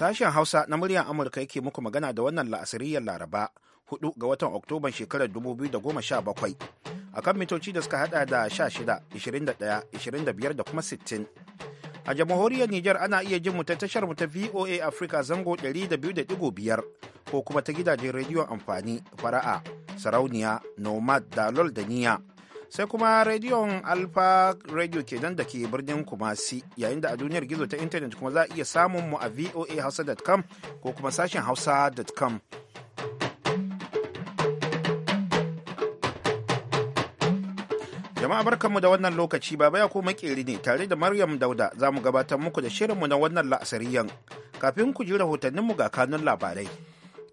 Sashen Hausa na muryar Amurka yake muku magana da wannan la'asiriyar Laraba 4 ga watan Oktoban shekarar 2017 akan mitoci da suka hada da 16, 21, 25 da kuma 60. A jamhuriyar Nijar ana iya jin mu ta tashar mu ta VOA Africa zango 200.5 ko kuma ta gidajen rediyon amfani fara'a, sarauniya, nomad, dalol da niya. sai kuma rediyon alfa radio ke kenan da ke birnin kumasi yayin da a duniyar gizo ta intanet kuma za a iya samun mu a voahausa.com ko kuma sashen hausa.com jama'a barkanmu da wannan lokaci baba ya kuma makeri ne tare da maryam dauda za mu gabatar muku da shirinmu na wannan la'asariyan kafin ku ji rahotanninmu ga kanun labarai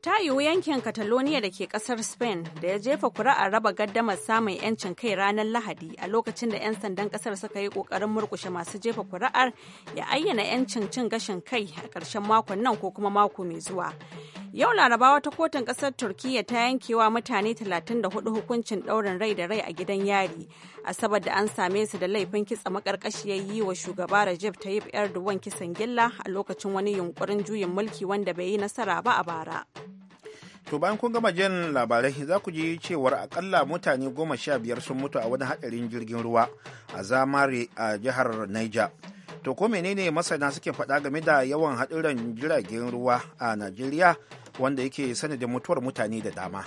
ta yiwu yankin catalonia da ke kasar spain da ya jefa kuri'ar raba gaddamar samun yancin kai ranar lahadi a lokacin da 'yan sandan kasar suka yi kokarin murkushe masu jefa kuri'ar ya ayyana yancin cin gashin kai a ƙarshen makon nan ko kuma mako mai zuwa yau laraba wata kotun kasar turkiyya ta yankewa mutane 34 hukuncin ɗaurin rai da rai a gidan yari asabar da an same su da laifin kitsa makarkashiyar yi wa shugaba rajab tayyip erdogan kisan gilla a lokacin wani yunkurin juyin mulki wanda bai yi nasara ba a bara. To bayan kun gama jin labarai za ku ji cewar akalla mutane goma sha biyar sun mutu a wani haɗarin jirgin ruwa a zamare a jihar Niger. To ko menene masana suke faɗa game da yawan haɗuran jiragen ruwa a Najeriya wanda yake sanadin mutuwar mutane da dama.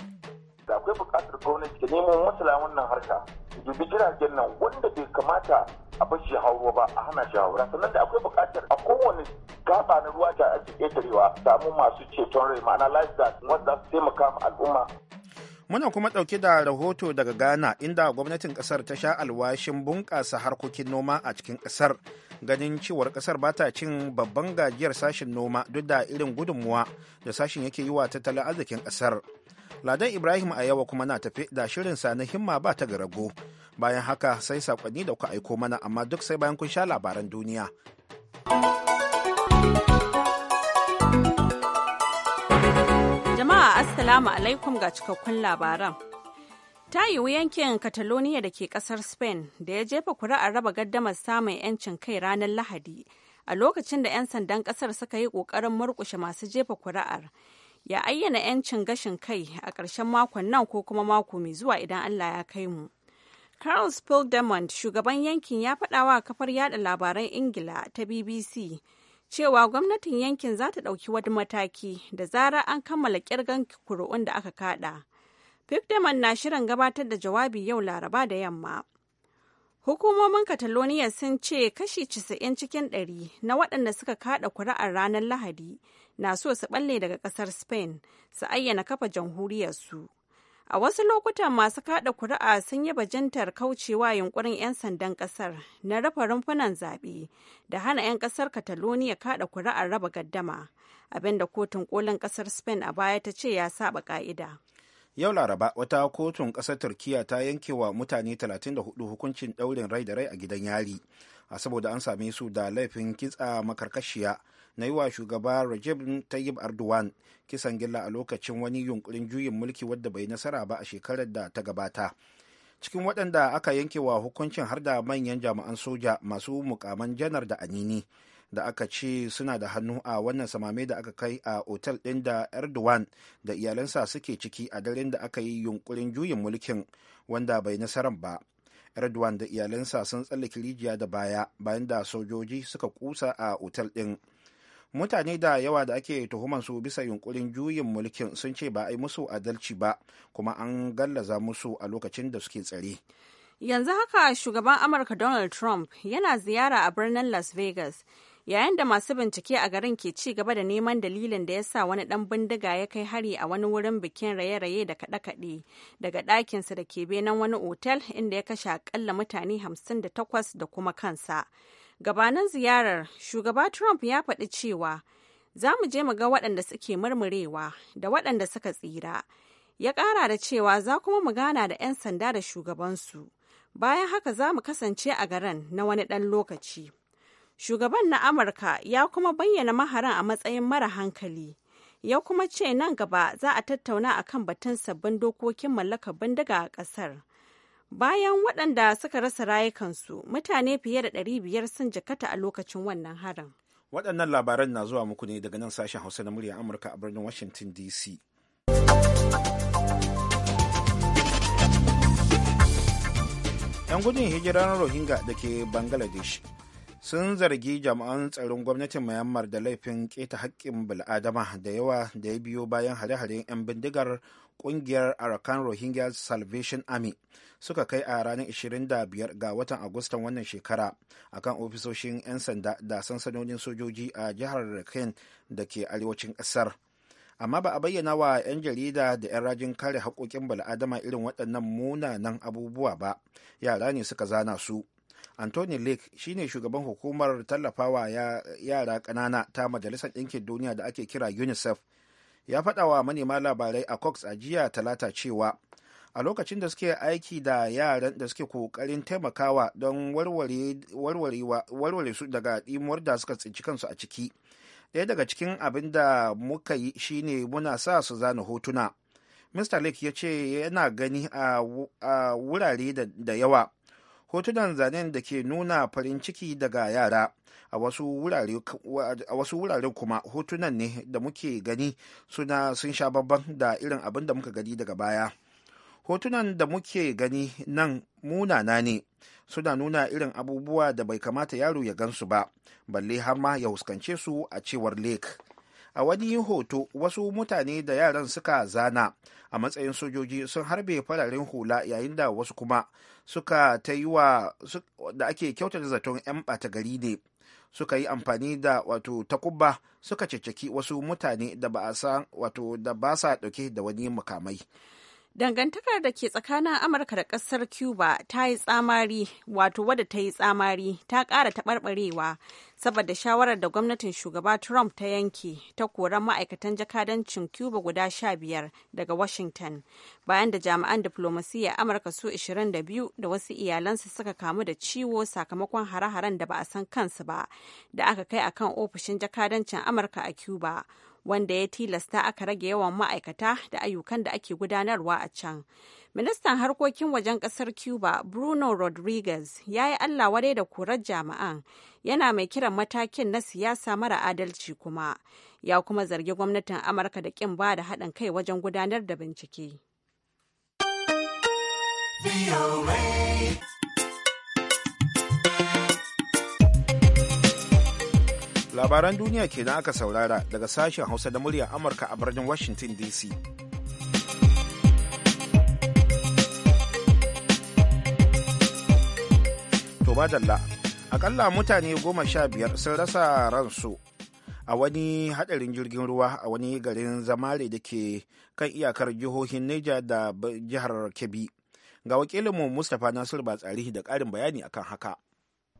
akwai buƙatar gwamnati ta neman masala wannan harka da bi jiragen nan wanda bai kamata a bar shi hawo ba a hana shi hawo sannan da akwai buƙatar a kowane gaba na ruwa da ake ƙetarewa samu masu ceton rai ma'ana lifeguard wanda su taimaka ma al'umma. Muna kuma ɗauke da rahoto daga Ghana inda gwamnatin ƙasar ta sha alwashin bunƙasa harkokin noma a cikin ƙasar ganin cewar ƙasar ba ta cin babban gajiyar sashen noma duk da irin gudunmuwa da sashen yake yi wa tattalin arzikin ƙasar. Ladan Ibrahim a yawa kuma na tafi da shirin sa na himma ba ta garago. Bayan haka sai sakonni da ku aiko mana amma duk sai bayan kun sha labaran duniya. Jama'a Assalamu alaikum ga cikakkun labaran. Ta yiwu yankin Catalonia da ke kasar Spain da ya jefa kuri'ar raba gaddamar samun 'yancin kai ranar Lahadi a lokacin da 'yan sandan kasar suka yi ƙoƙarin murƙushe masu jefa kuri'ar ya ayyana 'yancin gashin kai a ƙarshen makon nan ko kuma mako mai zuwa idan Allah ya kai mu. Carl Spildemont, shugaban yankin ya faɗawa a kafar yada labaran Ingila ta BBC cewa gwamnatin yankin za ta ɗauki wani mataki da zara an kammala kirgan kuri'un da aka kaɗa. Spildemont na shirin gabatar da jawabi yau Laraba da yamma. Hukumomin Catalonia sun ce kashi 90 cikin 100 na waɗanda suka kaɗa kuri'ar ranar Lahadi na so su balle daga kasar spain su ayyana kafa jamhuriyarsu a wasu lokuta masu kada kuri'a sun yi bajintar kaucewa yunkurin 'yan sandan kasar na rufe rumfunan zaɓe da hana 'yan kasar catalonia kada kuri'ar raba gaddama abinda kotun kolin kasar spain a baya ta ce ya saba ka'ida yau laraba wata kotun ƙasar turkiya ta yanke wa mutane 34 hukuncin daurin rai da rai a gidan yari a saboda an same su da laifin kitsa makarkashiya na yi wa shugaba Rajab Tayyip arduan kisan gilla a lokacin wani yunkurin juyin mulki wadda bai nasara ba a shekarar da ta gabata. Cikin waɗanda aka yanke wa hukuncin har da manyan jami'an soja masu mukaman janar da anini da aka ce suna da hannu a wannan samame da aka kai a otal ɗin da Erdogan da iyalansa suke ciki a daren da aka yi yunkurin juyin mulkin wanda bai nasaran ba. Erdogan da iyalansa sun tsallake rijiya da baya bayan da sojoji suka kusa a otal ɗin. mutane da yawa da ake tuhumar su bisa yunkurin juyin mulkin sun ce ba a yi musu adalci ba kuma an gallaza musu a lokacin da suke tsare yanzu haka shugaban amurka donald trump yana ziyara a birnin las vegas yayin da masu bincike a garin ke ci gaba da neman dalilin da ya sa wani dan bindiga ya kai hari a wani wurin bikin raye-raye da kaɗe-kaɗe daga ɗakinsa da ke benin wani otel inda ya kashe akalla mutane 58 da kuma kansa Gabanin ziyarar, shugaba Trump ya faɗi cewa za mu je mu ga waɗanda suke murmurewa da waɗanda suka tsira. Ya ƙara da cewa za kuma mu gana da 'yan sanda da shugabansu. Bayan haka za mu kasance a garin na wani ɗan lokaci. Shugaban na Amurka ya kuma bayyana maharan a matsayin mara hankali. Ya kuma ce nan gaba za a tattauna akan batun sabbin dokokin mallakar bindiga a ƙasar. Bayan waɗanda suka rasa rayukansu, mutane fiye da ɗari biyar sun jakata a lokacin wannan harin. Waɗannan labaran na zuwa muku ne daga nan sashen Hausa na muryar Amurka a birnin Washington DC. ‘Yan gudun hijiran Rohingya da ke Bangladesh sun zargi jami'an tsaron gwamnatin Myanmar da laifin keta haƙƙin bil'adama da yawa da ya biyo bayan hare-haren 'yan bindigar kungiyar arakan rohingya salvation army suka kai a ranar 25 ga watan agustan wannan shekara a kan ofisoshin 'yan sanda da sansanonin sojoji a jihar rakhine da ke arewacin ƙasar amma ba a bayyana wa 'yan jarida da 'yan rajin kare haƙoƙin bala'adama irin waɗannan munanan abubuwa ba yara ne suka zana su anthony lake shine shugaban hukumar tallafawa yara ƙanana ta majalisar ɗinkin duniya da ake kira unicef ya faɗa wa manema labarai a cox a jiya talata cewa a lokacin da suke aiki da yaran da suke kokarin taimakawa don warware su daga ɗimuwar da suka tsinci kansu a ciki ɗaya daga cikin abin da muka yi shine muna sa su zana hotuna mr lake ya ce yana gani a wurare da yawa hotunan zanen da ke nuna farin ciki daga yara a wasu wurare kuma hotunan ne da muke gani suna sun sha babban da irin abin da muka gani daga baya hotunan da muke gani nan munana ne suna nuna irin abubuwa da bai kamata yaro ya gansu ba balle har ma ya huskance su a cewar lake a wani hoto wasu mutane da yaran suka zana a matsayin sojoji sun harbe fararen hula yayin da wasu kuma suka ta yi wa da ake kyautar zaton 'yan ɓata gari ne suka yi amfani da wato takubba suka ceceki wasu mutane da ba sa dauke da wani mukamai. dangantakar da ke tsakanin amurka da kasar cuba ta yi tsamari wato wadda ta yi tsamari ta ƙara taɓarɓarewa saboda shawarar da gwamnatin shugaba trump ta yanke ta koran ma'aikatan jakadancin cuba guda sha biyar daga washington bayan da jami'an diplomasiyya amurka su 22 da wasu iyalansu suka kamu da ciwo sakamakon hare-haren da ba a san kansu ba da aka kai akan ofishin jakadancin amurka a cuba wanda ya tilasta aka rage yawan ma'aikata da ayyukan da ake gudanarwa a can. Ministan harkokin wajen kasar Cuba, Bruno Rodriguez, ya yi Allah wadai da korar jami'an, yana mai kiran matakin na siyasa mara adalci kuma, ya kuma zargi gwamnatin Amurka da ƙin ba da haɗin kai wajen gudanar da bincike. labaran duniya kenan aka saurara daga sashen hausa da muryar amurka a birnin washington dc to badalla akalla mutane goma sha biyar sun rasa ransu a wani hadarin jirgin ruwa a wani garin zamare da ke kan iyakar jihohin neja da jihar kebbi ga wakilinmu mustapha nasiru tsarihi da ƙarin bayani akan haka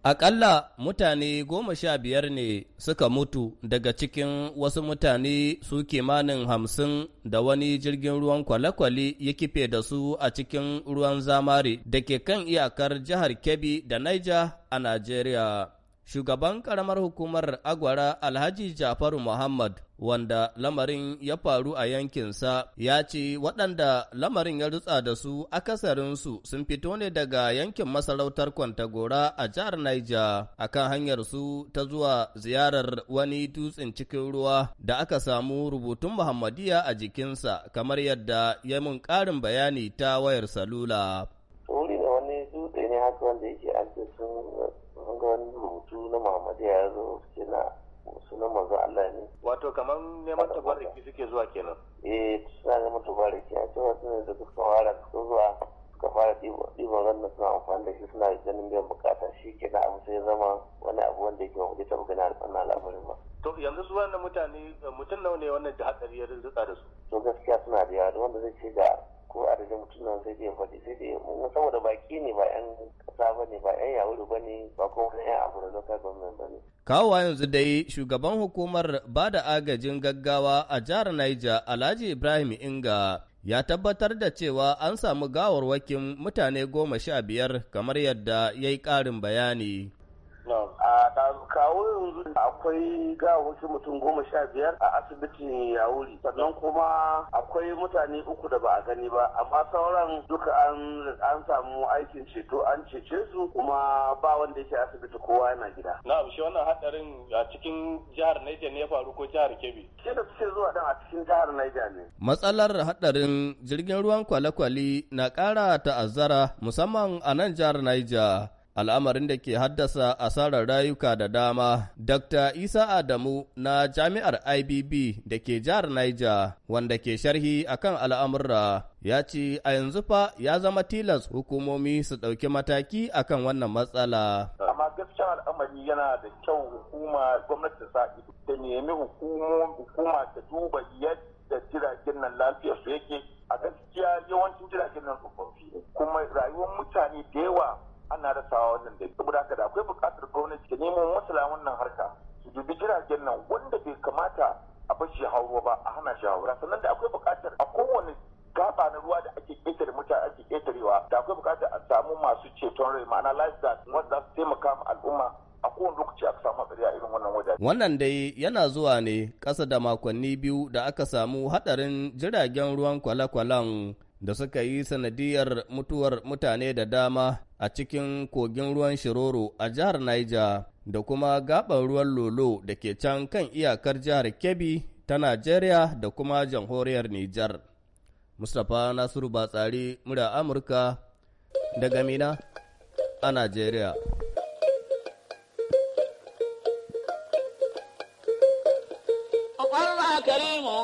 Aƙalla mutane goma sha biyar ne suka mutu daga cikin wasu mutane su kimanin hamsin da wani jirgin ruwan kwale-kwale ya kife da su a cikin ruwan zamare da ke kan iyakar jihar Kebbi da Naija a Najeriya. Shugaban ƙaramar hukumar Agwara Alhaji Jafaru Muhammad wanda lamarin ya faru a yankinsa ya ce waɗanda lamarin ya rutsa da su akasarinsu sun fito ne daga yankin masarautar kwantagora a jihar Niger a kan hanyarsu ta zuwa ziyarar wani dutsen cikin ruwa da aka samu rubutun Muhammadiya a jikinsa kamar yadda ya mun ƙarin bayani ta wayar salula. Wuri da wani dutse ne haka wanda yake sun rubutu na Muhammadiya ya zo sunan manzo Allah ne wato kaman neman tabarriki suke zuwa kenan eh suna neman tabarriki a cewa suna da dukkan wara suka zuwa suka fara ɗiban wannan suna amfani da shi suna ganin biyan bukata shi ke na abu sai zama wani abu wanda yake wani taɓa gani a wannan al'amarin ba. to yanzu su wannan mutane mutum nawa ne wannan da hatsari ya rinzuka da su. to gaskiya suna da yawa wanda zai ce ga ko a da mutum nan sai dai faɗi sai dai mun saboda baki ne ba yan ƙasa ba ne ba yan yawuru ba ne ba kuma yan abu da local government ba ne. kawowa yanzu dai shugaban hukumar ba da agajin gaggawa a jihar Niger Alhaji Ibrahim Inga ya tabbatar da cewa an samu gawarwakin mutane goma sha biyar kamar yadda ya yi ƙarin bayani. a kawo yanzu akwai gawawakin mutum goma sha biyar a asibitin yawuri sannan kuma akwai mutane uku da ba a gani ba amma sauran duka an samu aikin ceto an cece su kuma ba wanda yake asibiti kowa yana gida na shi wannan hadarin a cikin jihar Niger ne ya faru ko jihar Kebbi ke da suke zuwa dan a cikin jihar Niger ne matsalar hadarin jirgin ruwan kwale-kwale na kara ta'azzara musamman a nan jihar Niger al'amarin da ke haddasa asarar rayuka da dama. Dr. Isa Adamu na jami'ar IBB da ke jihar Niger wanda ke sharhi akan al'amurra ya ce a yanzu fa ya zama tilas hukumomi su ɗauki mataki akan wannan matsala. Amma gaskiya al'amari yana da kyau hukuma gwamnati sa ido da nemi hukuma ta duba yadda jiragen nan lafiyar su yake a gaskiya yawancin jiragen nan tsofaffi kuma rayuwar mutane da yawa ana rasawa wannan da ke da akwai buƙatar gwamnati ta nemo masala wannan harka su dubi jiragen nan wanda bai kamata a bar shi hauro ba a hana shi sannan da akwai buƙatar a kowane gaba na ruwa da ake ketare mutane ake ƙetarewa da akwai buƙatar a samu masu ceton rai ma'ana lifeguard wanda za su taimaka ma al'umma a kowane lokaci aka samu tsari a irin wannan wajen. Wannan dai yana zuwa ne kasa da makonni biyu da aka samu haɗarin jiragen ruwan kwale-kwalen da suka yi sanadiyar mutuwar mutane da dama a cikin kogin ruwan Shiroro a jihar Niger da kuma gabar ruwan Lolo da ke can kan iyakar jihar Kebbi ta Najeriya da kuma jamhuriyar Nijar. Mustapha Nasiru Batsari, murya Amurka daga Mina a Najeriya.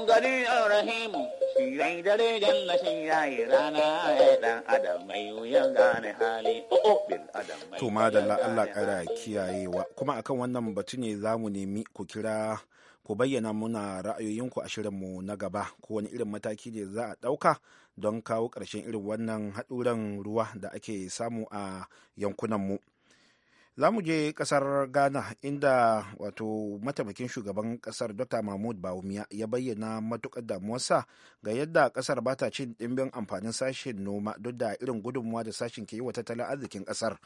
gari a rahimu shirai dare shirai rana ya dan adam mai wuyan gane hali o oh, oh, adam mai to madalla Allah kara kiyayewa kuma akan wannan batun ne zamu nemi ku kira ku bayyana muna ra'ayoyinku a shirinmu na gaba ko wani irin mataki ne za a ɗauka don kawo ƙarshen irin wannan haɗuran ruwa da ake samu a yankunanmu. mu za mu je kasar ghana inda wato mataimakin shugaban kasar dr mahmud bawumia ya bayyana matukar damuwarsa ga yadda kasar ba ta cin dimbin amfanin sashen noma duk da irin gudunmuwa da sashen ke yi wa tattalin arzikin kasar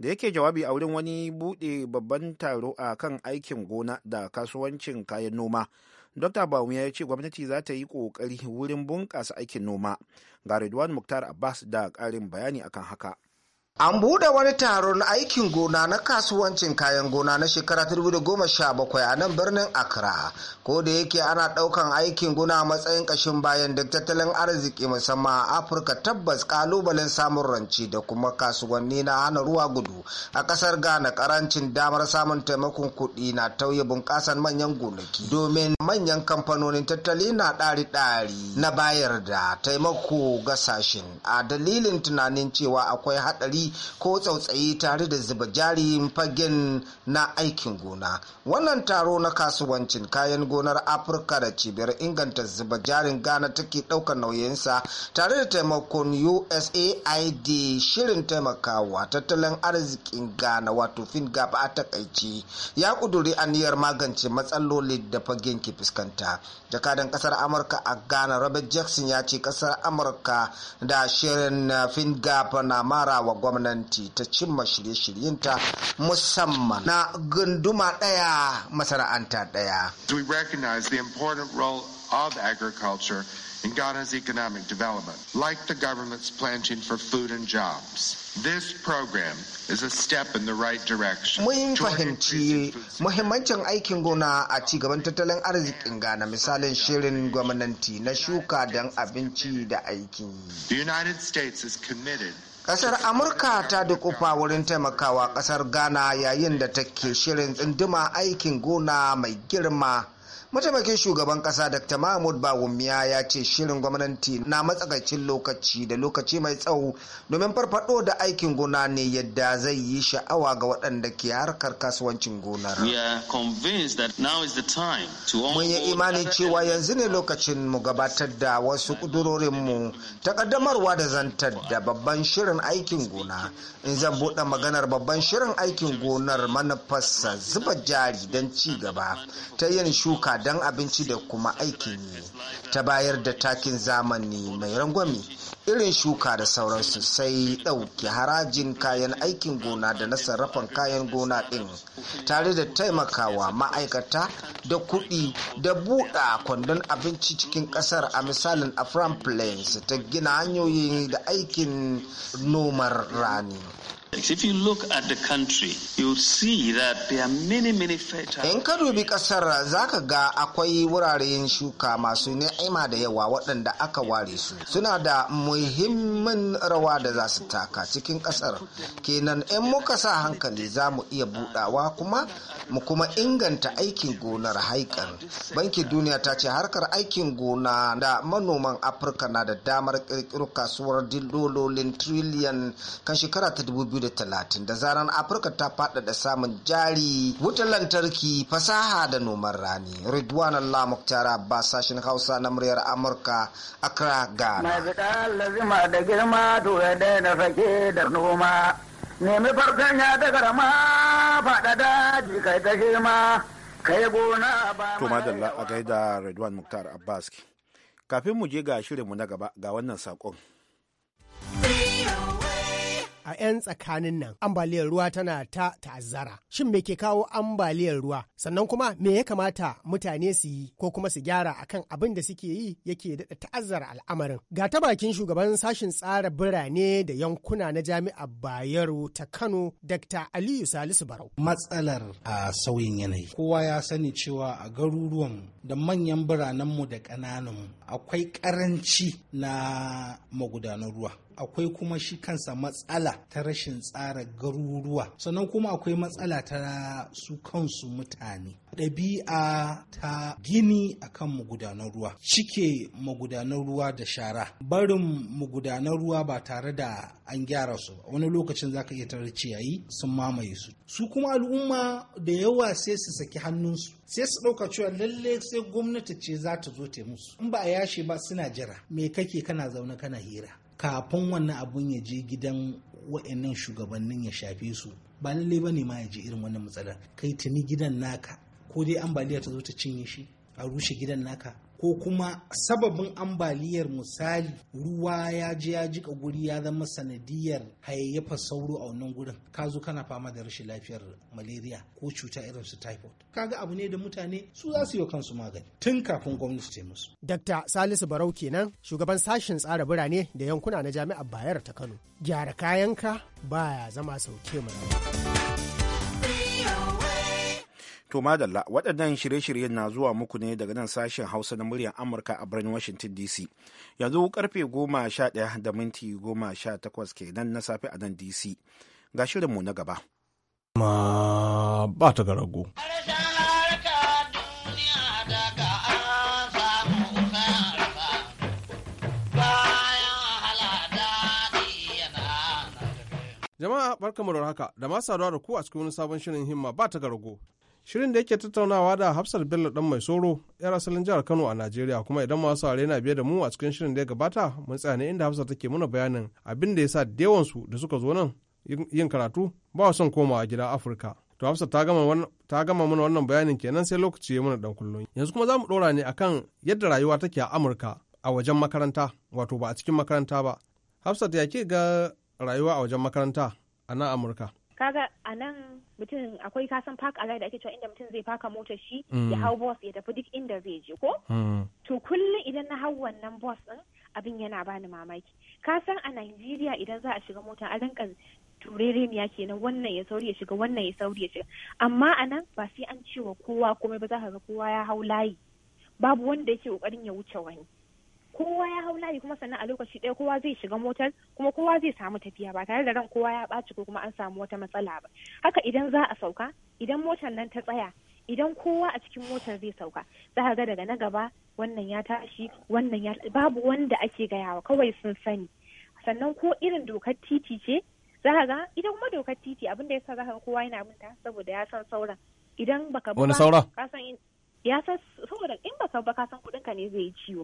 da yake jawabi a wurin wani bude babban taro a kan aikin gona da kasuwancin kayan noma dr bawumia ya ce gwamnati za ta yi ƙoƙari wurin bunƙasa aikin noma ga redwan muktar abbas da ƙarin bayani akan haka An buɗe wani taron aikin gona na kasuwancin kayan gona na shekara 2017 a nan birnin Accra. Ko da yake ana ɗaukan aikin gona a matsayin ƙashin bayan da tattalin arziki musamman a Afirka tabbas ƙalubalen samun ranci da kuma kasuwanni na hana ruwa gudu. A ƙasar Ghana ƙarancin damar samun taimakon kuɗi na tauye bunƙasar manyan gonaki. Domin manyan kamfanonin tattali na ɗari-ɗari na bayar da taimako ga sashin a dalilin tunanin cewa akwai haɗari ko tsautsayi tare da zuba jari fagen na aikin gona wannan taro na kasuwancin kayan gonar afirka da cibiyar inganta zuba jarin ghana take ɗaukar nauyinsa tare da taimakon usaid shirin taimakawa tattalin arzikin ghana wato fingap a takaici ya ƙuduri aniyar magance matsaloli da fagen ke fuskanta jakadan kasar amurka a ghana robert jackson ya ce kasar amurka da shirin fingap na mara wa gwamnati gwamnati ta cimma shirye-shiryenta musamman na gunduma ɗaya masana'anta ɗaya. We recognize the important role of agriculture in Ghana's economic development, like the government's planting for food and jobs. This program is a step in the right direction. Mun fahimci muhimmancin aikin gona a ci gaban tattalin arzikin Ghana misalin shirin gwamnati na shuka don abinci da The United States is committed kasar amurka ta dukufa wurin taimakawa kasar ghana yayin da take shirin tsinduma aikin gona mai girma mataimakin shugaban kasa dr mahmud bawumiya ya ce shirin gwamnati na matsakaicin lokaci da lokaci mai tsawo domin farfado da aikin gona ne yadda zai yi sha'awa ga waɗanda ke harkar kasuwancin gonar mun yi imani cewa yanzu ne lokacin mu gabatar da wasu ƙudurorinmu ta ƙaddamarwa da zantar da babban shirin aikin gona in zan buɗe maganar babban shirin aikin gonar manufarsa zuba jari don ci gaba ta yin shuka tsadan abinci da kuma aikin yi ta bayar da takin zamani mai rangwami irin shuka da sauransu sai ɗauki harajin kayan aikin gona da na sarrafan kayan gona ɗin tare da taimakawa ma'aikata da kuɗi da buɗa kwandon abinci cikin ƙasar a misalin afran plains ta gina hanyoyi da aikin nomar rani In ka dubi kasar za ka ga akwai wuraren shuka masu ni'ima da yawa waɗanda aka ware su suna da muhimmin rawa da za su taka cikin kasar kenan in muka sa hankali za mu iya budawa kuma mu kuma inganta aikin gonar haikan bankin duniya ta ce harkar aikin gona da manoman afirka na da damar kirkiro kasuwar dilolin triliyan kan shekara ta 2000 2030 da zaran Afirka ta faɗaɗa samun jari wutar lantarki fasaha da noman rani. Ridwan Allah Mukhtar Abbas sashen Hausa na muryar Amurka Accra Ghana. na fitar lazima da girma to ya daina sake da noma. Nemi farkon ya da garama faɗaɗa jikai ta girma. Kai gona ba. To madalla a gaida Ridwan muktar Abbas. Kafin mu je ga shirinmu na gaba ga wannan saƙon. Oh. a 'yan tsakanin nan ambaliyar ruwa tana ta ta'azzara. Shin me ke kawo ambaliyar ruwa? Sannan kuma me ya kamata mutane su yi ko kuma su gyara akan abin da suke yi yake daɗa ta'azzara al'amarin. Ga ta bakin shugaban sashen tsara birane da yankuna na jami'ar Bayero ta Kano, Dr. Aliyu Salisu Barau. Matsalar a sauyin yanayi. Kowa ya sani cewa a garuruwan da manyan biranenmu da ƙanananmu akwai ƙaranci na magudanan ruwa. akwai kuma shi kansa matsala ta rashin tsara garuruwa sannan kuma akwai matsala ta su kansu mutane ɗabi'a ta gini akan magudanan ruwa cike magudanan ruwa da shara barin magudanar ruwa ba tare da an gyara su ba wani lokacin zaka iya tare ciyayi sun mamaye su su kuma al'umma da yawa sai su saki hannunsu sai su ɗauka cewa lalle sai gwamnati ce za ta zo ta musu in ba a yashe ba suna jira me kake kana zaune kana hira kafin wannan abun ya je gidan wa'annan shugabannin ya shafe su ba lallai ba ne ma ya je irin wannan matsala kai tuni gidan naka ko dai ambaliya ta zo ta cinye shi a rushe gidan naka ko kuma sababin ambaliyar misali ruwa ya je ya jika guri ya zama sanadiyar hayayyafa sauro a wannan gurin ka zo kana fama da rashin lafiyar malaria ko cuta irin su typhoid ga abu ne da mutane su za su yi kansu magani tun kafin gwamnati ta musu Dr. Salisu Barau kenan shugaban sashen tsara birane da yankuna na jami'ar bayar ta Kano gyara kayanka baya zama sauke mu To madalla waɗannan shirye-shiryen na zuwa muku ne daga nan sashen Hausa na muryar Amurka a birnin Washington DC. Yanzu karfe goma sha ɗaya da minti goma sha takwas kenan na safe a nan DC. Ga shirin mu na gaba. Ma ba ta garago. Jama'a barkamu da haka da masu saduwa da ku a cikin wani sabon shirin himma ba ta garago shirin da yake tattaunawa da hafsar bello dan mai soro yar asalin jihar kano a najeriya kuma idan masu saurare na biye da mu a cikin shirin da ya gabata mun tsaya ne inda hafsar take muna bayanin abin da ya sa da su da suka zo nan yin karatu ba son komawa gida afirka to hafsat ta gama mana wannan bayanin kenan sai lokaci ya mana dan kullun yanzu kuma mu dora ne akan yadda rayuwa take a amurka a wajen makaranta wato ba a cikin makaranta ba hafsat ya ke ga rayuwa a wajen makaranta a nan amurka kaga a nan mutum akwai kasan park a da ake cewa inda mutum zai faka mota shi ya mm. hau bus ya tafi duk inda zai je ko mm. to kullum idan na hau wannan bus din abin yana bani mamaki kasan a Najeriya idan za a shiga mota a rinka turereniya kenan wannan ya sauri ya shiga wannan ya sauri ya shiga amma a nan ba sai an cewa kowa komai ba za ka ga kowa ya hau layi babu wanda yake kokarin ya wuce wani kowa ya hau layi kuma sannan a lokaci ɗaya kowa zai shiga motar kuma kowa zai samu tafiya ba tare da ran kowa ya ɓaci ko kuma an samu wata matsala ba haka idan za a sauka idan motar nan ta tsaya idan kowa a cikin motar zai sauka za ka ga daga na gaba wannan ya tashi wannan ya babu wanda ake gayawa kawai sun sani sannan ko irin dokar titi ce za ka ga idan kuma dokar titi abin da yasa za ka kowa yana binta saboda ya san sauran idan baka ba ka san ya san saboda in baka ba ka san kudin ka ne zai yi ciwo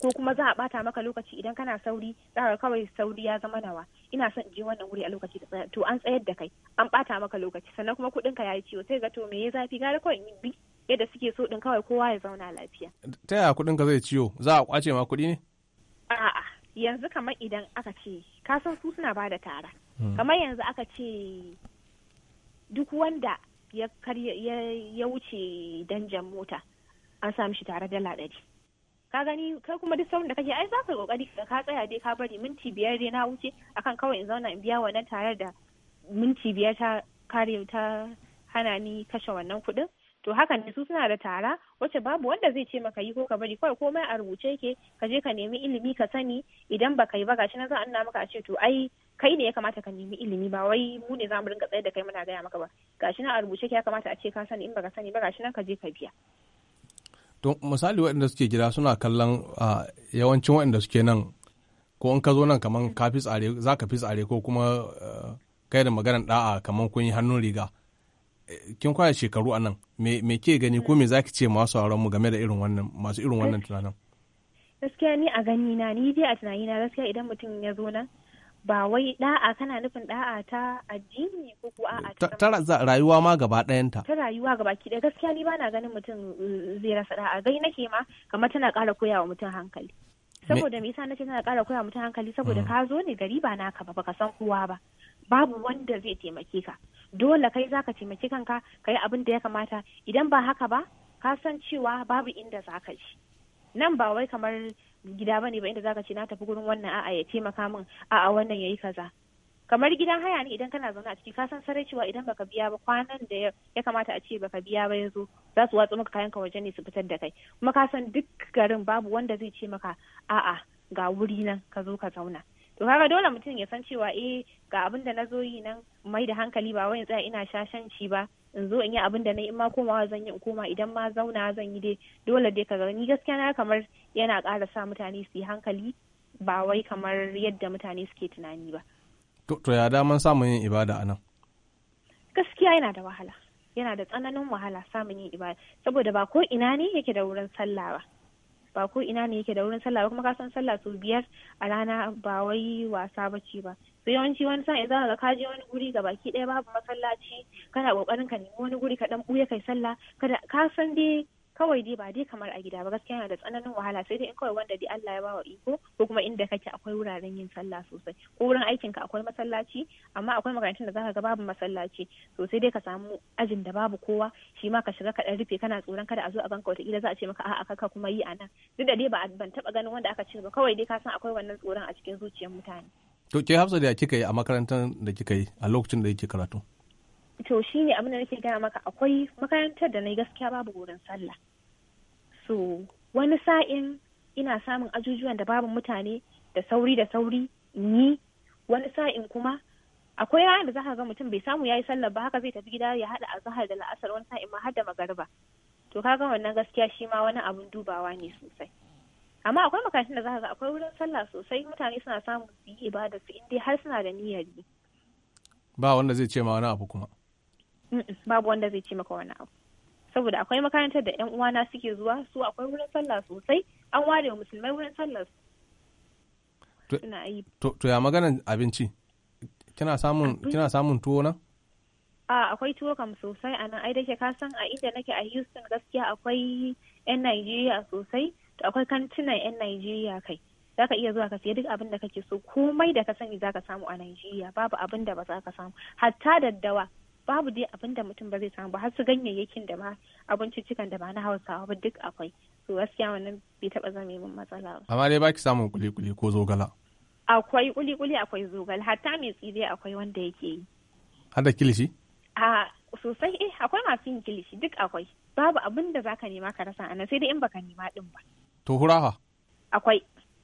ko kuma za a bata maka lokaci idan kana sauri za ka kawai sauri ya zama nawa ina son in je wannan wuri a lokaci da to an tsayar da kai an bata maka lokaci sannan kuma kudin ka yayi ciwo sai ga to me ya zafi gara kawai in bi yadda suke so din kawai kowa ya zauna lafiya ta yaya kudin ka zai ciwo za a kwace ma kuɗi ne a'a yanzu kamar idan aka ce ka san su suna bada tara hmm. kamar yanzu aka ce duk wanda ya wuce danjan mota an sami shi tare dala ɗari ka gani kai kuma duk sauran da kake ai ka kokari ka tsaya dai ka bari minti biyar dai na wuce akan kawai in zauna in biya wannan tare da minti biyar ta kare ta hana ni kashe wannan kuɗin to haka ne su suna da tara wacce babu wanda zai ce maka yi ko ka bari kawai komai a rubuce yake ka je ka nemi ilimi ka sani idan baka yi ba gashi na zan nuna maka a ce to ai kai ne ya kamata ka nemi ilimi ba wai mu ne mu rinka tsayar da kai muna gaya maka ba gashi na a rubuce ya kamata a ce ka sani in baka sani ba gashi nan ka je ka biya to misali waɗanda suke gida suna kallon yawancin waɗanda suke nan ko in ka zo nan kaman ka fi tsare za ka fi tsare ko kuma kai da maganar ɗa'a kaman kun yi hannun riga eh, kin kwaya shekaru a nan me ke gani ko me zaki ce masu auren mu game da irin wannan masu irin wannan tunanin gaskiya ni a gani na ni dai a tunani na gaskiya idan mutum ya zo nan ba wai da'a kana nufin da'a ta addini ko ko a'a ta ta rayuwa ma gaba ɗayanta ta rayuwa gaba ki gaskiya ni bana ganin mutum uh, zai rasa da'a gai nake ma kamar tana ƙara koya wa mutum hankali saboda me yasa nace tana ƙara koya mutum hankali saboda mm. ka zo ne gari ba naka ba baka san kowa ba babu wanda zai taimake ka dole kai zaka taimaki kanka kai abin da ya kamata idan ba haka ba ka san cewa babu inda zaka ji nan ba wai kamar gida bane ba inda zaka ce na tafi gurin wannan a'a ya taimaka min a'a wannan yayi kaza kamar gidan haya ne idan kana zaune a ciki ka san sarai cewa idan baka biya ba kwanan da ya kamata a ce baka biya ba yazo za su watsa maka kayanka waje ne su fitar da kai kuma ka san duk garin babu wanda zai ce maka a'a ga wuri nan ka zo ka zauna to kaga dole mutum ya san cewa eh ga abin da na zo yi nan mai da hankali ba wai tsaya ina shashanci ba in zo in yi abin da na yi ma komawa zan yi in koma idan ma zauna zan yi dai dole dai ka ni gaskiya na kamar yana ƙara sa mutane su yi hankali ba wai kamar yadda mutane suke tunani ba. To ya daman samun yin ibada a nan? Gaskiya yana da wahala. Yana da tsananin wahala samun yin ibada. Saboda ba ko ina ne yake da wurin sallah ba. Ba ko ina ne yake da wurin sallah ba kuma ka san sallah sau biyar a rana ba wai wasa ba ce ba. sai yawanci wani sa'in za ka ka je wani guri ga baki ɗaya babu masallaci kana kokarin ka nemi wani guri ka dan buya kai sallah kada ka san dai kawai dai ba dai kamar a gida ba gaskiya yana da tsananin wahala sai dai in kawai wanda dai Allah ya bawa iko ko kuma inda kake akwai wuraren yin sallah sosai ko wurin aikin ka akwai masallaci amma akwai makarantun da zaka ga babu masallaci to sai dai ka samu ajin da babu kowa shi ma ka shiga ka dan rufe kana tsoron kada a zo a ganka kila za a ce maka a'a kaka kuma yi a nan duk da dai ba ban taba ganin wanda aka ce ba kawai dai ka san akwai wannan tsoron a cikin zuciyar mutane. To ke hafsa da kika yi a makarantar da kika yi a lokacin da yake karatu? To shi ne abin da nake gaya maka akwai makarantar da na yi gaskiya babu wurin sallah. So wani sa'in ina samun ajujuwan da babu mutane da sauri da sauri ni wani sa'in kuma akwai yayin da zaka ga mutum bai samu yayi sallah ba haka zai tafi gida ya hada azhar da la'asar wani sa'in ma har da magariba. To kaga wannan gaskiya shi ma wani abun dubawa ne sosai. amma akwai makashin da za ga akwai wurin sallah sosai mutane suna samun su yi ibada su inda har suna da niyyar yi ba wanda zai ce ma wani abu kuma babu wanda zai ce maka wani abu saboda akwai makarantar da yan uwana suke zuwa su akwai wurin sallah sosai an ware wa musulmai wurin sallah su. to ya maganar abinci kina samun kina samun tuwo na. a akwai tuwo kam sosai a nan ai dake ka san a inda nake a Houston gaskiya akwai yan nigeria sosai to akwai kantinan yan Najeriya kai zaka iya zuwa ka siya duk abin da kake so komai da ka sani zaka samu a Najeriya babu abin da ba za ka samu hatta daddawa babu dai abin da mutum ba zai samu ba har su ganyayyakin da ma abinciccikan da ba na Hausawa ba duk akwai to gaskiya wannan bai taba zama min matsala ba amma dai baki samun kuli-kuli ko zogala akwai kuli-kuli akwai zogala hatta mai tsire akwai wanda yake yi har da kilishi a sosai eh akwai masu yin kilishi duk akwai babu abin da zaka nema ka rasa anan sai dai in baka nema din ba to akwai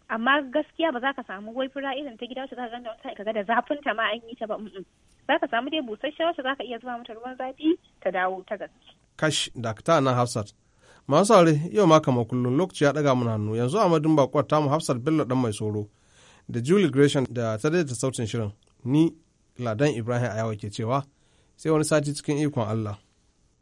amma gaskiya ba za ka samu wai fura irin ta gida wacce za ka ganda wata ka da zafin ta ma an yi ta ba za ka samu dai busasshe wacce za ka iya zuba mata ruwan zafi ta dawo ta gaske kash dakta na hafsat masu aure yau ma kama kullum lokaci ya daga mun hannu yanzu a madin bakwar tamu hafsat bello dan mai soro da julie gresham da ta daidaita sautin shirin ni ladan ibrahim a yawa ke cewa sai wani sati cikin ikon allah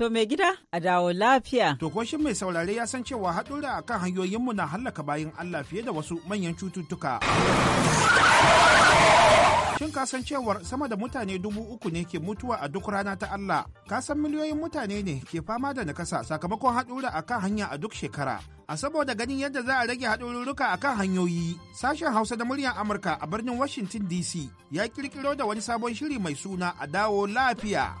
To mai gida a dawo lafiya. To ko shin mai saurare ya san cewa haɗura akan hanyoyinmu na hallaka bayan Allah fiye da wasu manyan cututtuka. Shin ka san cewar sama da mutane dubu uku ne ke mutuwa a duk rana ta Allah? Ka san miliyoyin mutane ne ke fama da nakasa sakamakon haɗura akan hanya a duk shekara. A saboda ganin yadda za a rage haɗururruka akan hanyoyi, sashen Hausa da muryar Amurka a birnin Washington DC ya ƙirƙiro da wani sabon shiri mai suna a dawo lafiya.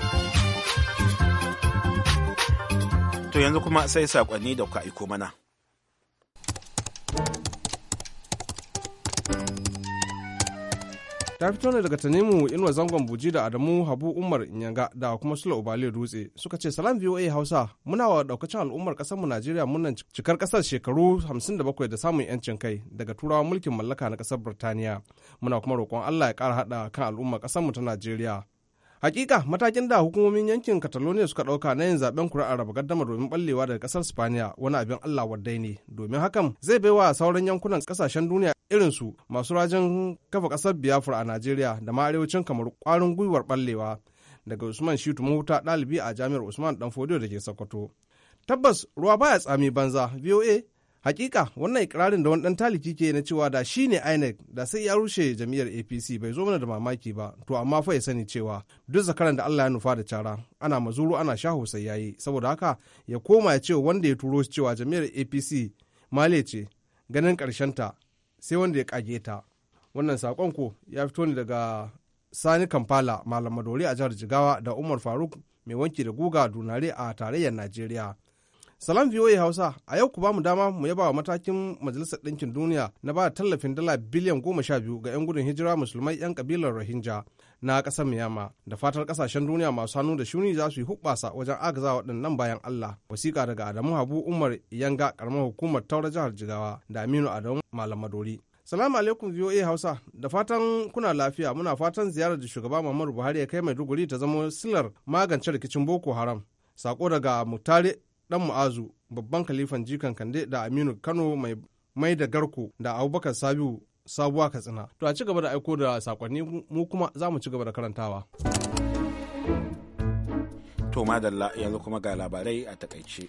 yanzu kuma sai sakonni da kuka aiko mana. ta fito ne daga tanimu inuwa zangon buji da adamu habu umar inyanga da kuma sula ubali dutse suka ce salam voa hausa muna wa daukacin al'ummar ƙasarmu najeriya murnan cikar kasar shekaru 57 da samun yancin kai daga turawa mulkin mallaka na kasar birtaniya muna kuma roƙon allah ya ƙara haɗa kan al'ummar mu ta najeriya hakika matakin da hukumomin yankin catalonia suka dauka na yin zaben kuri'ar raba gardama domin ballewa daga kasar spaniya wani abin allah wadai ne domin hakan zai baiwa sauran yankunan kasashen duniya irinsu masu rajin kafa kasar biafra a nigeria da ma arewacin kamar kwarin gwiwar ballewa daga usman shitu mahuta ɗalibi a jami'ar usman danfodiyo da ke sokoto tabbas ruwa baya tsami banza voa hakika wannan ikirarin da wani dan taliki ke na cewa da shi ne inec da sai ya rushe jam'iyyar apc bai zo mana da mamaki ba to amma fa ya sani cewa duk zakaran da allah ya nufa da cara ana mazuru ana shaho sai yayi saboda haka ya koma ya ce wanda ya turo cewa jam'iyyar apc male ce ganin karshen ta sai wanda ya kage ta wannan sakon ko ya fito ne daga sani kampala malam madori a jihar jigawa da umar faruk mai wanki da guga dunare a tarayyar najeriya Salam VOA Hausa, a yau ku ba mu dama mu yaba wa matakin Majalisar Ɗinkin Duniya na ba tallafin dala biliyan goma sha biyu ga 'yan gudun hijira musulmai 'yan kabilar Rohingya na ƙasar Myanmar. Da fatar ƙasashen duniya masu hannu da shuni za su yi hubbasa wajen agaza waɗannan bayan Allah. Wasiƙa daga Adamu Habu Umar Yanga ƙaramar hukumar Taura jihar Jigawa da Aminu Adamu Malam Madori. Salamu alaikum VOA Hausa, da fatan kuna lafiya muna fatan ziyarar da shugaba Muhammadu Buhari ya kai Maiduguri ta zama silar magance rikicin Boko Haram. Sako daga Mutare dan mu'azu babban kalifan jikan kande da aminu kano mai mai da garko da abubakar sabiu sabuwa katsina to a ci gaba da aiko da sakonni mu kuma za mu ci gaba da karantawa to madalla yanzu kuma ga labarai a takaice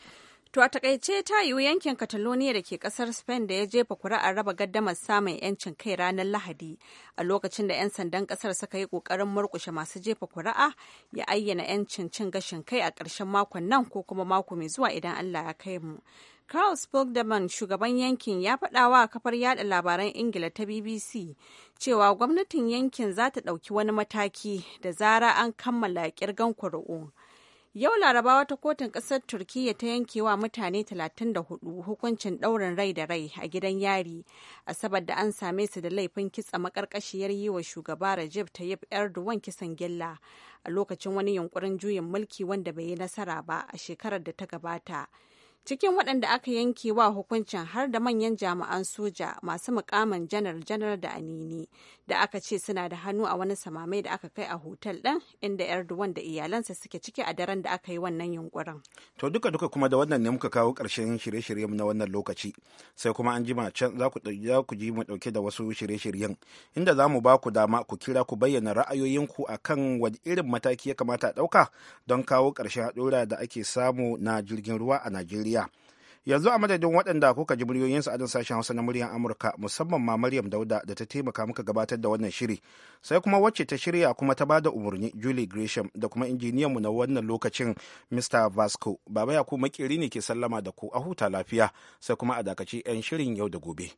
To a takaice ta yiwu yankin Catalonia da ke kasar Spain da ya jefa kuri'ar raba gaddamar samun 'yancin kai ranar Lahadi a lokacin da 'yan sandan kasar suka yi kokarin murkushe masu jefa kuri'a ya ayyana 'yancin cin gashin kai a ƙarshen makon nan ko kuma mako mai zuwa idan Allah ya kai mu. Carl Spogdaman, shugaban yankin, ya faɗa wa kafar yada labaran Ingila ta BBC cewa gwamnatin yankin za ta ɗauki wani mataki da zara an kammala ƙirgan kuri'u. Yau Laraba wata kotun kasar Turkiyya ta yankewa mutane 34 hukuncin ɗaurin rai da rai a gidan yari, asabar da an same su da laifin kitsa makarkashiyar yi wa shugaba Rajab Tayyip Erdogan kisan gilla a lokacin wani yunkurin juyin mulki wanda bai yi nasara ba a shekarar da ta gabata. cikin waɗanda aka yanke wa hukuncin har da manyan jami'an soja masu mukamin janar-janar da anini da aka ce suna da hannu a wani samamai da aka kai a hotel ɗin inda erdogan da iyalansa suke ciki a daren da aka yi wannan yunkurin to duka duka kuma da wannan ne muka kawo ƙarshen shirye-shirye na wannan lokaci sai kuma an jima can za ku ji mu ɗauke da wasu shirye-shiryen inda za mu ba ku dama ku kira ku bayyana ra'ayoyinku a kan wani irin mataki ya kamata a ɗauka don kawo ƙarshen haɗura da ake samu na jirgin ruwa a najeriya najeriya yanzu a madadin waɗanda kuka ji muryoyinsu a sashen hausa na muryar amurka musamman ma maryam dauda da ta taimaka muka gabatar da wannan shiri sai kuma wacce ta shirya kuma ta bada umarni julie gresham da kuma injiniyanmu na wannan lokacin mr vasco baba yakubu makeri ne ke sallama da ku a huta lafiya sai kuma a dakaci 'yan shirin yau da gobe.